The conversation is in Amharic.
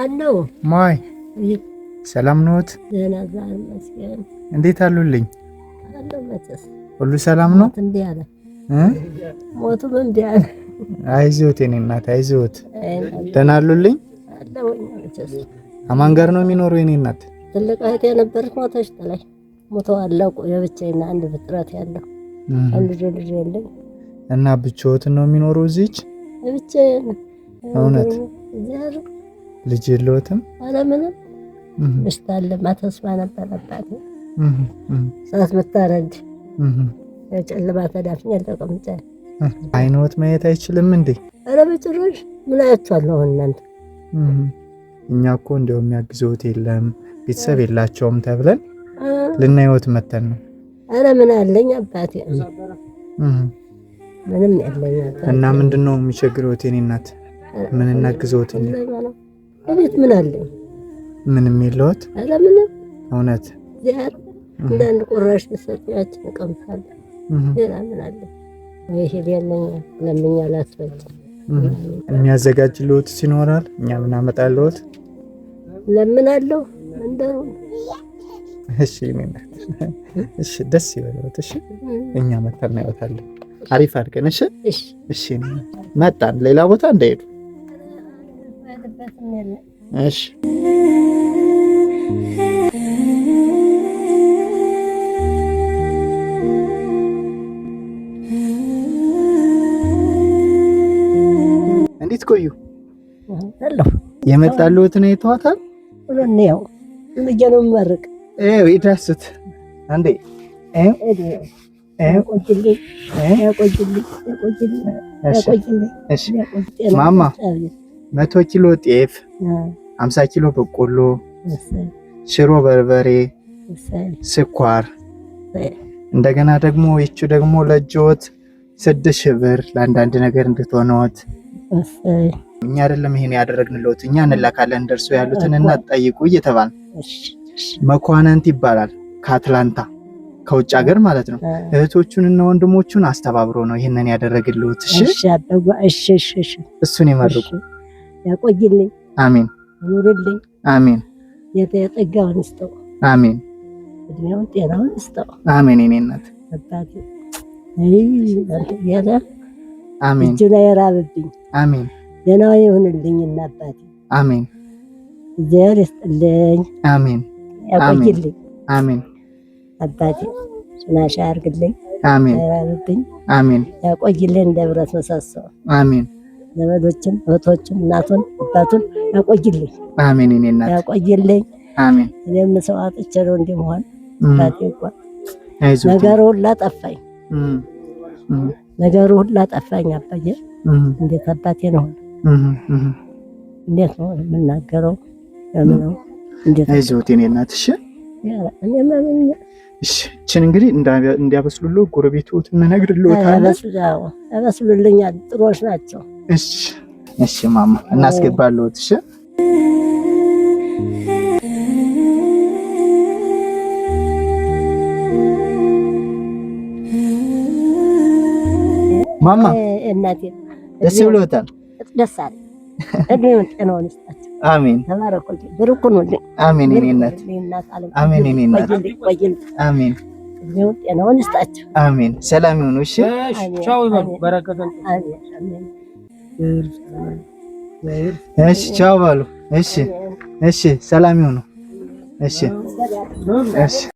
አሎ ማይ ሰላም ነዎት? ደህና ዛሬ ይመስገን። እንዴት አሉልኝ? አለው መቼስ ሁሉ ሰላም ነው። እንዲህ አለ ሞቱም እንዲህ አለ። አይዞት የኔ እናት አይዞት። ደህና አሉልኝ? አለው መቼስ። አማን ጋር ነው የሚኖሩ የኔ እናት? ትልቅ እህቴ ነበረች ሞተች ጥላኝ ሞተው አለቁ። የብቻዬን አንድ ፍጥረት ያለው አንድ ልጅ የለኝ እና ብቻዎትን ነው የሚኖሩ እዚች ብቻዬን እውነት ልጅ የለዎትም? ኧረ ምንም በሽታ አለማ ተስፋ ነበረባት ሰዓት ብታረጅ ጨለማ ተዳፍኝ አልተቀምጨ አይኖት ማየት አይችልም እንዴ? ኧረ በጭራሽ ምን አያቸዋለሁ እናንተ እኛ እኮ እንዲያው የሚያግዘውት የለም ቤተሰብ የላቸውም ተብለን ልናየዎት መተን ነው። አረ ምን አለኝ አባቴ ምንም ያለኝ እና ምንድን ነው የሚቸግረዎት? የኔ እናት ምን እናግዘዎት? እቤት ምን አለ? ምንም የለውት። ኧረ ምንም እውነት ዚያር እንዳንድ ቁራሽ ተሰጥያችን ተቀምጣለ። ሌላ ምን አለ? ይሄ ያለኛል ለምኛ ላስፈጭ የሚያዘጋጅ ልወት ሲኖራል እኛ ምን አመጣለሁት ለምን አለው እንደው እሺ ምን እሺ ደስ ይበለውት። እሺ እኛ መጣና እናያወታለን። አሪፍ አድርገን እሺ እሺ መጣን። ሌላ ቦታ እንዳይሄዱ እሺ እንዴት ቆዩ? አለሁ የመጣልዎትን አይተዋታል? ሁሉን ያው ምጀነው መርቅ እው ይዳስት አንዴ ማማ መቶ ኪሎ ጤፍ፣ አምሳ ኪሎ በቆሎ፣ ሽሮ በርበሬ፣ ስኳር እንደገና ደግሞ ይቹ ደግሞ ለጆት ስድስት ሺህ ብር ለአንዳንድ ነገር እንድትሆነዎት። እኛ አይደለም ይሄን ያደረግንልዎት፣ እኛ እንላካለን እንደርሶ ያሉትን እና ጠይቁ እየተባል መኳንንት ይባላል ከአትላንታ ከውጭ ሀገር ማለት ነው። እህቶቹን እና ወንድሞቹን አስተባብሮ ነው ይህንን ያደረግልዎት። እሺ እሱን ይመርቁ። ያቆይልኝ፣ አሜን። ያኑርልኝ፣ አሜን። የጠጋውን እስጠው፣ አሜን። እድሜውን ጤናውን እስጠው፣ አሜን። የእኔ እናት አባቴ ያለ አሜን። እጁ ላይ አሜን። ደህና ይሁንልኝ እና አባቴ፣ አሜን። እግዚአብሔር ይስጥልኝ፣ አሜን። ያቆይልኝ፣ አሜን። አባቴ ናሻ አርግልኝ አሜን። ያራበብኝ፣ አሜን። ያቆይልኝ እንደ ብረት መሳሰው፣ አሜን። ዘመዶችን እህቶችን እናቱን አባቱን ያቆይልኝ። አሜን። እኔ እናት ያቆይልኝ። አሜን። እኔም ሰው አጥቼ ነው እንደመሆን አባቴ እንኳን ነገሩ ሁላ ጠፋኝ፣ ነገሩ ሁላ ጠፋኝ። አባዬ እንዴት አባቴ ነው እንዴት ነው የምናገረው? ምነው እንዴት አይዞት የእኔ እናት። እሺ እኔ ማመኛ እችን እንግዲህ እንዲያበስሉልዎ ጎረቤቶት እንነግርልዎታለን። ያበስሉልኛል። ጥሮች ናቸው። እሺ፣ እሺ ማማ እናስገባለሁት። እሺ ማማ እናቴ ደስ ብሎታል። ደስ አለ። እድሜውን ጤናውን ይስጣችሁ። አሜን። ተባረኩልኝ፣ ብሩኩን ሁልኝ። አሜን። እኔ እናት አሜን። እኔ እናት አሜን። እድሜውን ጤናውን ይስጣችሁ። አሜን። ሰላም ይሁን። እሺ ቻው። በረከቱን አሜን። እሺ ቻው ባሉ። እሺ እሺ፣ ሰላም ይሁኑ። እሺ እሺ።